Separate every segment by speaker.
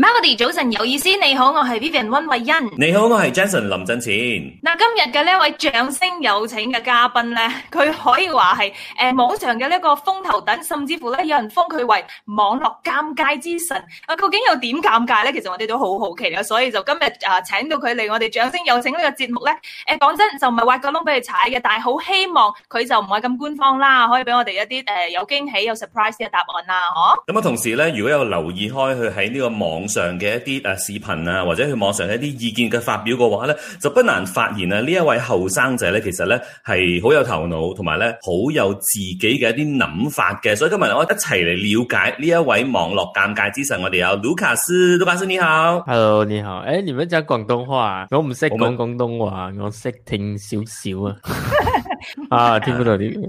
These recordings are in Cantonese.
Speaker 1: 瑪克迪早晨有意思。你好，我係 Vivian 溫慧欣。你好，我係
Speaker 2: Jason 林振前。
Speaker 1: 嗱，今日嘅呢位掌聲有請嘅嘉賓咧，佢可以話係誒網上嘅呢個風頭躉，甚至乎咧有人封佢為網絡尷尬之神。啊，究竟有點尷尬咧？其實我哋都好好奇啦，所以就今日啊，請到佢嚟我哋掌聲有請呢個節目咧。誒，講真就唔係挖個窿俾佢踩嘅，但係好希望佢就唔係咁官方啦，可以俾我哋一啲誒有驚喜、有 surprise 嘅答案啊，嗬？
Speaker 2: 咁啊，同時咧，如果有留意開佢喺呢個網，上嘅一啲誒視頻啊，或者去網上一啲意見嘅發表嘅話咧，就不難發現啊，呢一位後生仔咧，其實咧係好有頭腦，同埋咧好有自己嘅一啲諗法嘅。所以今日我一齊嚟了解呢一位網絡尷尬之神。我哋有 Lucas，Lucas
Speaker 3: 你好，Hello 你好，誒、欸，你唔識講廣東話、啊，我唔識講廣東話，我識聽少少啊, 啊，啊，聽唔到啲。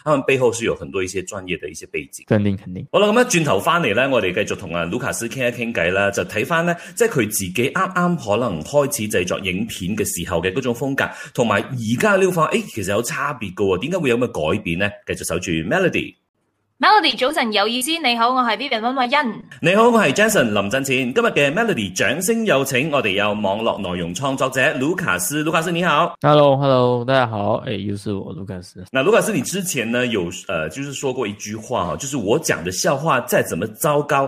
Speaker 2: 啱、嗯，背後是有很多一些專業的一些背景，肯定肯定。好啦，咁一轉頭翻嚟呢，我哋繼續同阿盧卡斯傾一傾偈啦，就睇返呢，即係佢自己啱啱可能開始製作影片嘅時候嘅嗰種風格，同埋而家呢個方，誒、欸，其實有差別㗎喎，點解會有咩改變呢？繼續守住 melody。
Speaker 1: Melody 早晨有意思，你好，我係 Vivian 溫慧欣。
Speaker 2: 你好，我係 Jason 林振前。今日嘅 Melody 掌聲有請，我哋有網絡內容創作者盧卡斯，盧卡斯你好。Hello，Hello，hello，大家好。誒、哎，又是
Speaker 3: 我盧卡斯。
Speaker 2: 那盧卡斯，你之前呢有呃，就是說過一句話哈，就是我講的笑話再怎麼糟糕。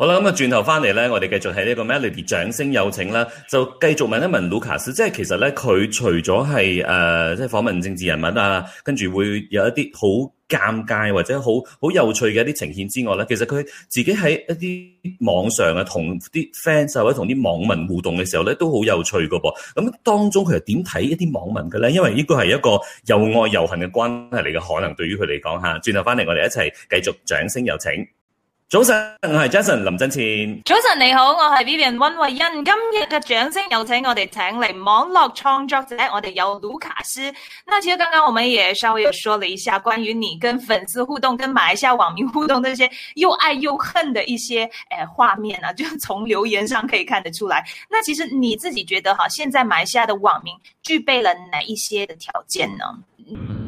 Speaker 2: 好啦，咁啊，轉頭翻嚟咧，我哋繼續喺呢個 Melody 掌聲有請啦，就繼續問一問 Lucas，即係其實咧，佢除咗係誒，即係訪問政治人物啊，跟住會有一啲好尷尬或者好好有趣嘅一啲呈現之外咧，其實佢自己喺一啲網上啊，同啲 fans 或者同啲網民互動嘅時候咧，都好有趣噶噃。咁當中佢又點睇一啲網民嘅咧？因為呢個係一個又愛又恨嘅關係嚟嘅，可能對於佢嚟講吓。轉頭翻嚟，我哋一齊繼續掌聲有請。早晨，我係 Jason 林振前。
Speaker 1: 早晨你好，我係 Vivian 溫慧欣。今日嘅掌聲有請，我哋請嚟網絡創作者，我哋有盧卡斯。那其實剛剛我們也稍微有說了一下，關於你跟粉絲互動、跟馬來西亞網民互動那些又愛又恨的一些誒畫、呃、面啊，就從留言上可以看得出來。那其實你自己覺得哈、啊，現在馬來西亞的網民具備了哪一些的條件呢？嗯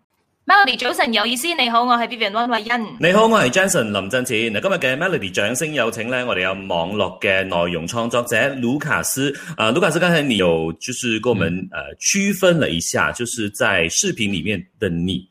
Speaker 1: e 啊！我哋早晨有意思，你好，我係 Bianwan
Speaker 2: 惠恩。你好，我係 Jenson 林振前。嗱，今日嘅 Melody 掌聲有請咧，我哋有網絡嘅內容創作者盧卡斯。啊、呃，盧卡斯，剛才你有就是跟我們誒區、嗯呃、分了一下，就是在視頻裏面的你。